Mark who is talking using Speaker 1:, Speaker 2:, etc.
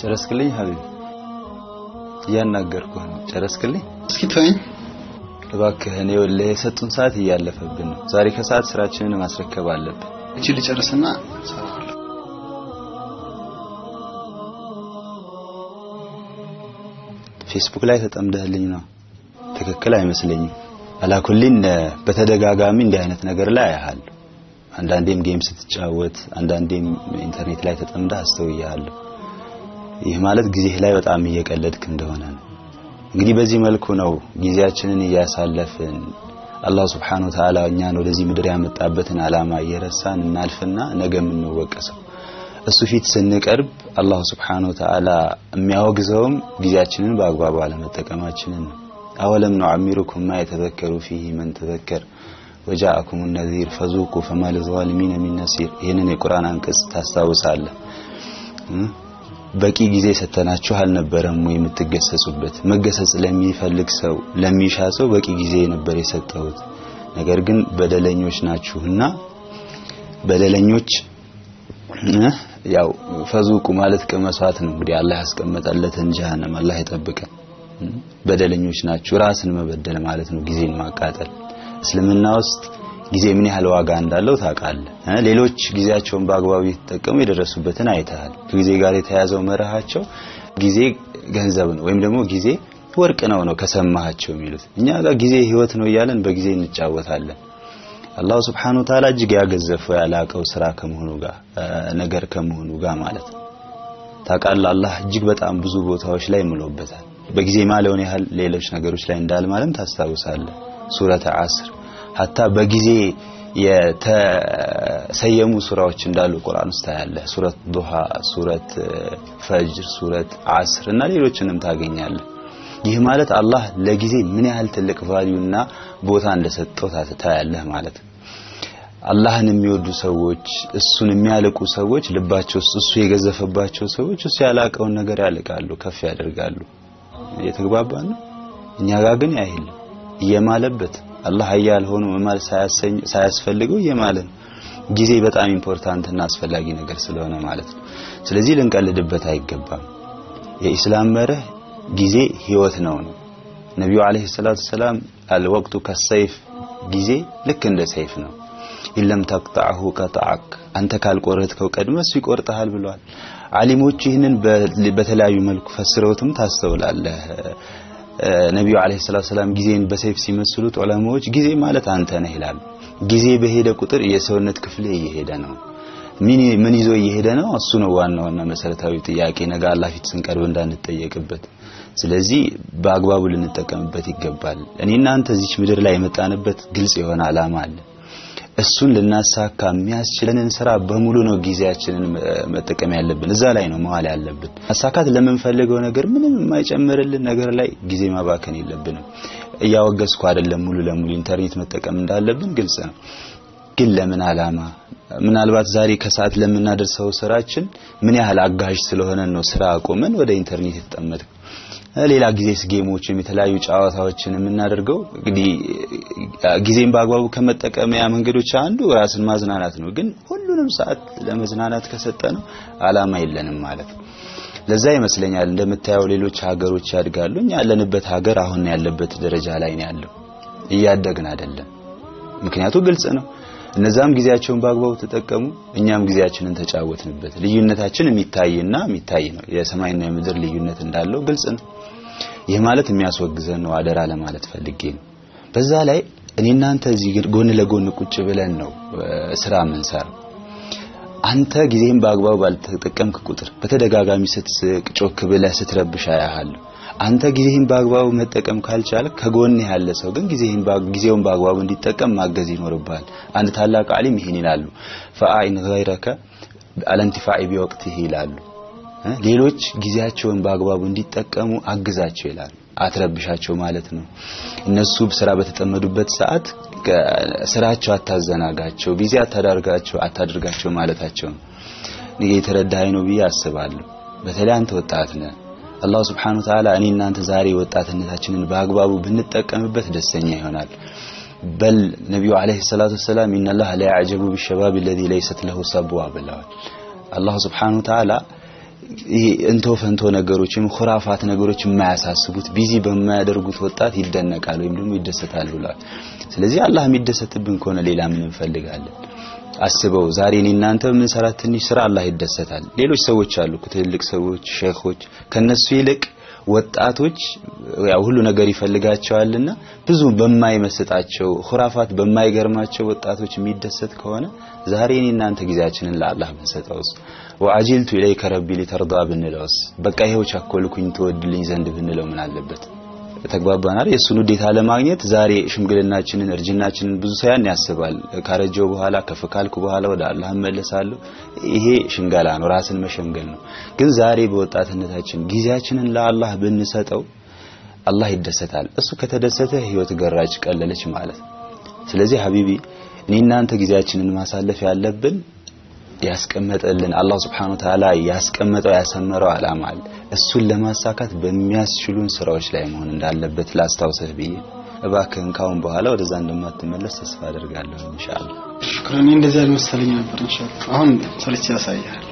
Speaker 1: ጨረስክልኝ? ሀቢብ እያናገርኩህ ነው። ጨረስክልኝ? እስኪ ተወኝ እባክህ። እኔ ወለ የሰጡን ሰዓት እያለፈብን ነው። ዛሬ ከሰዓት ስራችንን ማስረከብ አለብን።
Speaker 2: እቺ ልጨርስና
Speaker 1: ፌስቡክ ላይ ተጠምደህልኝ ነው። ትክክል አይመስለኝም። አላኩሊን በተደጋጋሚ እንዲህ አይነት ነገር ላይ ያያል። አንዳንዴም ጌም ስትጫወት፣ አንዳንዴም ኢንተርኔት ላይ ተጠምዳ አስተውያለሁ። ይህ ማለት ጊዜህ ላይ በጣም እየቀለድክ እንደሆነ ነው። እንግዲህ በዚህ መልኩ ነው ጊዜያችንን እያሳለፍን አላህ ስብሓነሁ ወተዓላ እኛን ወደዚህ ምድር ያመጣበትን ዓላማ እየረሳን እናልፍና ነገ የምንወቀሰው እሱ ፊት ስንቀርብ አላህ ስብሓነሁ ወተዓላ የሚያወግዘውም ጊዜያችንን በአግባቡ አለመጠቀማችንን ነው። أولم نعمركم ما يتذكر فيه من ተذكር ወጃአኩም ነዚር ፈዙቁ ፈማ ሊዛሊሚነ ሚን ነሲር ይህንን የቁርአን አንቀጽ ታስታውሳለህ። በቂ ጊዜ ሰተናችሁ አልነበረም ወይ የምትገሰጹበት? መገሰጽ ለሚፈልግ ሰው ለሚሻ ሰው በቂ ጊዜ ነበር የሰጠሁት። ነገር ግን በደለኞች ናችሁና በደለኞች ያው ፈዙቁ ማለት ቅመሷት ነው። እንግዲህ አላህ ያስቀመጠለትን ጀሃነም አላህ ይጠብቀን። በደለኞች ናችሁ። ራስን መበደል ማለት ነው ጊዜን ማቃጠል። እስልምና ውስጥ ጊዜ ምን ያህል ዋጋ እንዳለው ታውቃለህ። ሌሎች ጊዜያቸውን በአግባቡ የተጠቀሙ የደረሱበትን አይተሃል። ከጊዜ ጋር የተያዘው መርሃቸው ጊዜ ገንዘብ ነው ወይም ደግሞ ጊዜ ወርቅ ነው ነው ከሰማሃቸው የሚሉት። እኛ ጋር ጊዜ ህይወት ነው እያለን በጊዜ እንጫወታለን። አላህ Subhanahu Ta'ala እጅግ ያገዘፈው ያላቀው ስራ ከመሆኑ ጋር ነገር ከመሆኑ ጋር ማለት ነው። ታውቃለህ አላህ እጅግ በጣም ብዙ ቦታዎች ላይ ምሎበታል። በጊዜ ማለውን ያህል ሌሎች ነገሮች ላይ እንዳልማለም ታስታውሳለህ። ሱረተ አስር ሀታ በጊዜ የተሰየሙ ሱራዎች እንዳሉ ቁርአን ውስጥ ታያለ ሱረት ዱሃ፣ ሱረት ፈጅር፣ ሱረት አስር እና ሌሎችንም ታገኛለህ። ይህ ማለት አላህ ለጊዜ ምን ያህል ትልቅ ቫልዩና ቦታ እንደሰጠው ታያለህ ማለት አላህን የሚወዱ ሰዎች እሱን የሚያልቁ ሰዎች ልባቸው እሱ የገዘፈባቸው ሰዎች እሱ ያላቀውን ነገር ያልቃሉ፣ ከፍ ያደርጋሉ። የተግባባ ነው። እኛ ጋር ግን ያይል እየማለበት አላህ ኃያል ሆኖ መማል ሳያስፈልገው እየማለን ጊዜ በጣም ኢምፖርታንት እና አስፈላጊ ነገር ስለሆነ ማለት ነው። ስለዚህ ልንቀልድበት አይገባም። የኢስላም መርህ ጊዜ ህይወት ነው ነው። ነቢዩ አለይሂ ሰላቱ ሰላም አልወቅቱ ከሰይፍ ጊዜ ልክ እንደ ሰይፍ ነው። ኢለም ተቅጣሁ ቀጣዐክ አንተ ካልቆረጥከው ቀድመህ እሱ ይቆርጥሃል ብለዋል። አሊሞች ይህንን በተለያዩ መልኩ ፈስረውትም ታስተውላለህ። ነቢዩ አለይሂ ሰላቱ ሰላም ጊዜን በሰይፍ ሲመስሉት ዑለማዎች ጊዜ ማለት አንተ ነህ ይላሉ። ጊዜ በሄደ ቁጥር የሰውነት ክፍል እየሄደ ነው። ምን ይዞ እየሄደ ነው? እሱ ነው ዋናውና መሰረታዊ ጥያቄ፣ ነገ አላህ ፊት ስንቀርብ እንዳንጠየቅበት። ስለዚህ በአግባቡ ልንጠቀምበት ይገባል። እኔ እናንተ እዚች ምድር ላይ የመጣንበት ግልጽ የሆነ አላማ አለ። እሱን ልናሳካ የሚያስችለንን ስራ በሙሉ ነው ጊዜያችንን መጠቀም ያለብን። እዛ ላይ ነው መዋል ያለብን። ማሳካት ለምንፈልገው ነገር ምንም የማይጨምርልን ነገር ላይ ጊዜ ማባከን የለብንም። እያወገዝኩ አይደለም ሙሉ ለሙሉ ኢንተርኔት መጠቀም እንዳለብን ግልጽ ነው። ግን ለምን አላማ ምናልባት ዛሬ ከሰዓት ለምናደርሰው ስራችን ምን ያህል አጋዥ ስለሆነ ነው ስራ አቁመን ወደ ኢንተርኔት የተጠመድነው። ሌላ ጊዜስ ጌሞችም የተለያዩ ጨዋታዎችን የምናደርገው እንግዲህ ጊዜን በአግባቡ ከመጠቀሚያ መንገዶች አንዱ ራስን ማዝናናት ነው። ግን ሁሉንም ሰዓት ለመዝናናት ከሰጠ ነው አላማ የለንም ማለት ነው። ለዛ ይመስለኛል እንደምታየው ሌሎች ሀገሮች ያድጋሉ። እኛ ያለንበት ሀገር አሁን ያለበት ደረጃ ላይ ነው ያለው፣ እያደግን አይደለም። ምክንያቱ ግልጽ ነው። እነዛም ጊዜያቸውን በአግባቡ ተጠቀሙ፣ እኛም ጊዜያችንን ተጫወትንበት። ልዩነታችን የሚታይና የሚታይ ነው። የሰማይና የምድር ልዩነት እንዳለው ግልጽ ነው። ይህ ማለት የሚያስወግዘን ነው አደራ ለማለት ፈልጌ ነው። በዛ ላይ እኔ እናንተ እዚህ ጎን ለጎን ቁጭ ብለን ነው ስራ የምንሰራው። አንተ ጊዜህን በአግባቡ ባልተጠቀምክ ቁጥር በተደጋጋሚ ስትስቅ፣ ጮክ ብለህ ስትረብሻ ያያሃል። አንተ ጊዜህን በአግባቡ መጠቀም ካልቻለ ከጎን ያለ ሰው ግን ጊዜህን ጊዜውን በአግባቡ እንዲጠቀም ማገዝ ይኖርብሃል። አንድ ታላቅ ዓሊም ይሄን ይላሉ፣ ፈአኢን ገይረከ አለንቲፋኢ ቢወቅትህ ይላሉ ሌሎች ጊዜያቸውን በአግባቡ እንዲጠቀሙ አግዛቸው ይላል። አትረብሻቸው ማለት ነው። እነሱ ስራ በተጠመዱበት ሰዓት ስራቸው አታዘናጋቸው፣ ቢዚ አታዳርጋቸው አታድርጋቸው ማለታቸው ነው። የተረዳኸኝ ነው ብዬ አስባለሁ። በተለይ አንተ ወጣት ነህ። አላህ ሱብሓነሁ ወተዓላ እኔ እናንተ ዛሬ ወጣትነታችንን በአግባቡ ብንጠቀምበት ደስተኛ ይሆናል። በል ነቢዩ ዓለይሂ ሰላቱ ወሰላም ኢነላህ ላ ቢሸባብ ለዚ ለይሰት ለሁ ሰብዋ ብለዋል። አላህ ሱብሓነሁ ወተዓላ ይሄ እንቶ ፈንቶ ነገሮችም ሁራፋት ነገሮች የማያሳስቡት ቢዚ በማያደርጉት ወጣት ይደነቃል ወይም ደግሞ ይደሰታል ብሏል። ስለዚህ አላህ የሚደሰትብን ከሆነ ሌላ ምን እንፈልጋለን? አስበው ዛሬ እኔ እናንተ የምንሰራት ትንሽ ስራ አላህ ይደሰታል። ሌሎች ሰዎች አሉ፣ ትልልቅ ሰዎች፣ ሼኾች ከነሱ ይልቅ ወጣቶች ያው ሁሉ ነገር ይፈልጋቸዋልና ብዙ በማይመስጣቸው ሁራፋት በማይገርማቸው ወጣቶች የሚደሰት ከሆነ ዛሬ እኔ እናንተ ጊዜያችንን ለአላህ ብንሰጠውስ ወአጂልቱ ኢለይከ ረቢ ሊተርዳ ብንለውስ በቃ ይሄው ቻኮልኩኝ ተወድልኝ ዘንድ ብንለው ምን አለበት? ተግባባን የእሱን ውዴታ ለማግኘት ዛሬ ሽምግልናችንን እርጅናችንን ብዙ ሳያን ያስባል። ካረጀው በኋላ ከፍ በኋላ ወደ አላህ መለሳለሁ። ይሄ ሽንገላ ነው፣ ራስን መሸምገል ነው። ግን ዛሬ በወጣትነታችን ጊዜያችንን ለአላህ ብንሰጠው አላህ ይደሰታል። እሱ ከተደሰተ ህይወት ገራጭ ቀለለች ማለት። ስለዚህ ሀቢቢ እኔ እናንተ ጊዜያችንን ማሳለፍ ያለብን ያስቀመጠልን አላህ Subhanahu Wa Ta'ala ያስቀመጠው ያሰመረው ዓላማ አለ። እሱን ለማሳካት በሚያስችሉን ስራዎች ላይ መሆን እንዳለበት ላስታውሰህ ብዬ እባክህን ካሁን በኋላ ወደዛ እንደማትመለስ ተስፋ አደርጋለሁ ኢንሻአላህ።
Speaker 2: ሽክራን እንደዛ አልመሰለኝ ነበር ኢንሻአላህ።
Speaker 1: አሁን ሰልች ያሳያል።